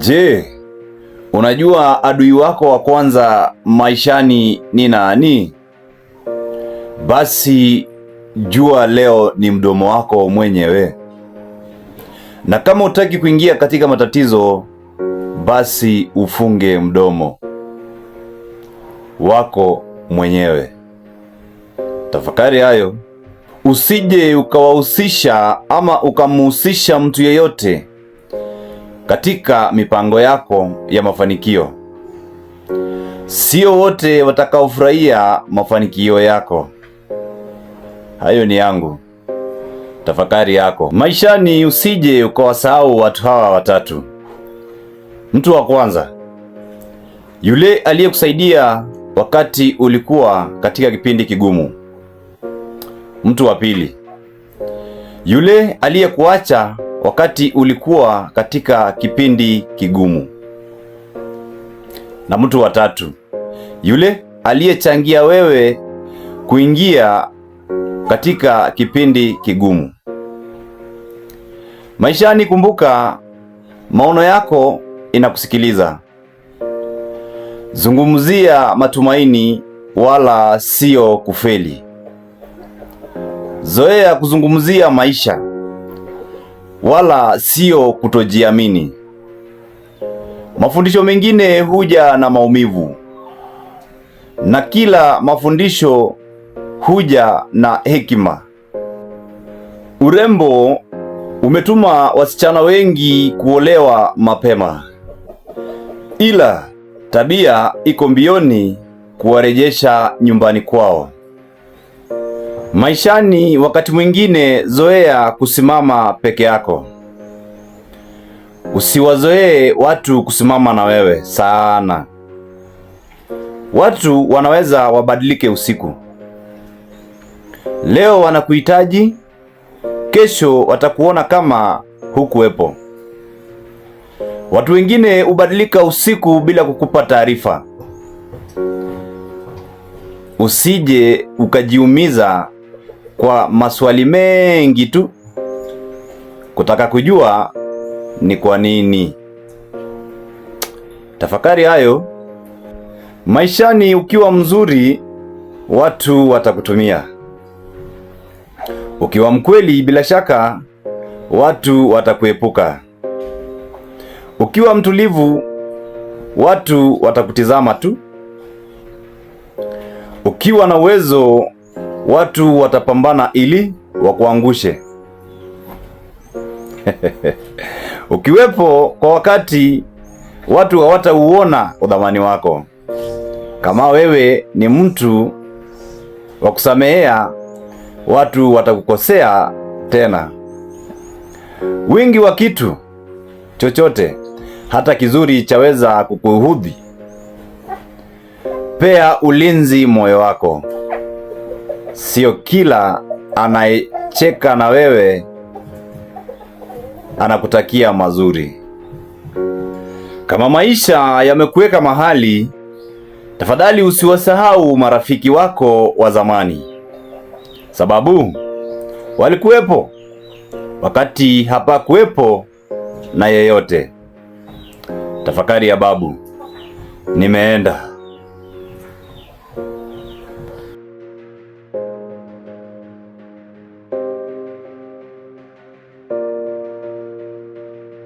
Je, unajua adui wako wa kwanza maishani ni nani? Basi jua leo ni mdomo wako mwenyewe, na kama hutaki kuingia katika matatizo, basi ufunge mdomo wako mwenyewe. Tafakari hayo, usije ukawahusisha ama ukamhusisha mtu yeyote katika mipango yako ya mafanikio. Sio wote watakaofurahia mafanikio yako. Hayo ni yangu tafakari yako maishani. Usije ukawasahau watu hawa watatu. Mtu wa kwanza, yule aliyekusaidia wakati ulikuwa katika kipindi kigumu. Mtu wa pili, yule aliyekuacha wakati ulikuwa katika kipindi kigumu. Na mtu wa tatu, yule aliyechangia wewe kuingia katika kipindi kigumu maishani. Kumbuka, maono yako inakusikiliza. Zungumzia matumaini, wala sio kufeli. Zoea kuzungumzia maisha wala sio kutojiamini. Mafundisho mengine huja na maumivu, na kila mafundisho huja na hekima. Urembo umetuma wasichana wengi kuolewa mapema, ila tabia iko mbioni kuwarejesha nyumbani kwao. Maishani wakati mwingine zoea kusimama peke yako. Usiwazoee watu kusimama na wewe sana. Watu wanaweza wabadilike usiku. Leo wanakuhitaji, kesho watakuona kama hukuwepo. Watu wengine hubadilika usiku bila kukupa taarifa. Usije ukajiumiza kwa maswali mengi tu kutaka kujua ni kwa nini. Tafakari hayo. Maishani ukiwa mzuri, watu watakutumia. Ukiwa mkweli, bila shaka watu watakuepuka. Ukiwa mtulivu, watu watakutizama tu. Ukiwa na uwezo watu watapambana ili wakuangushe. Ukiwepo kwa wakati, watu hawatauona udhamani wako. Kama wewe ni mtu wa kusamehea, watu watakukosea tena. Wingi wa kitu chochote hata kizuri chaweza kukuhudhi Pea ulinzi moyo wako. Sio kila anayecheka na wewe anakutakia mazuri. Kama maisha yamekuweka mahali, tafadhali usiwasahau marafiki wako wa zamani, sababu walikuwepo wakati hapakuwepo na yeyote. Tafakari ya babu, nimeenda.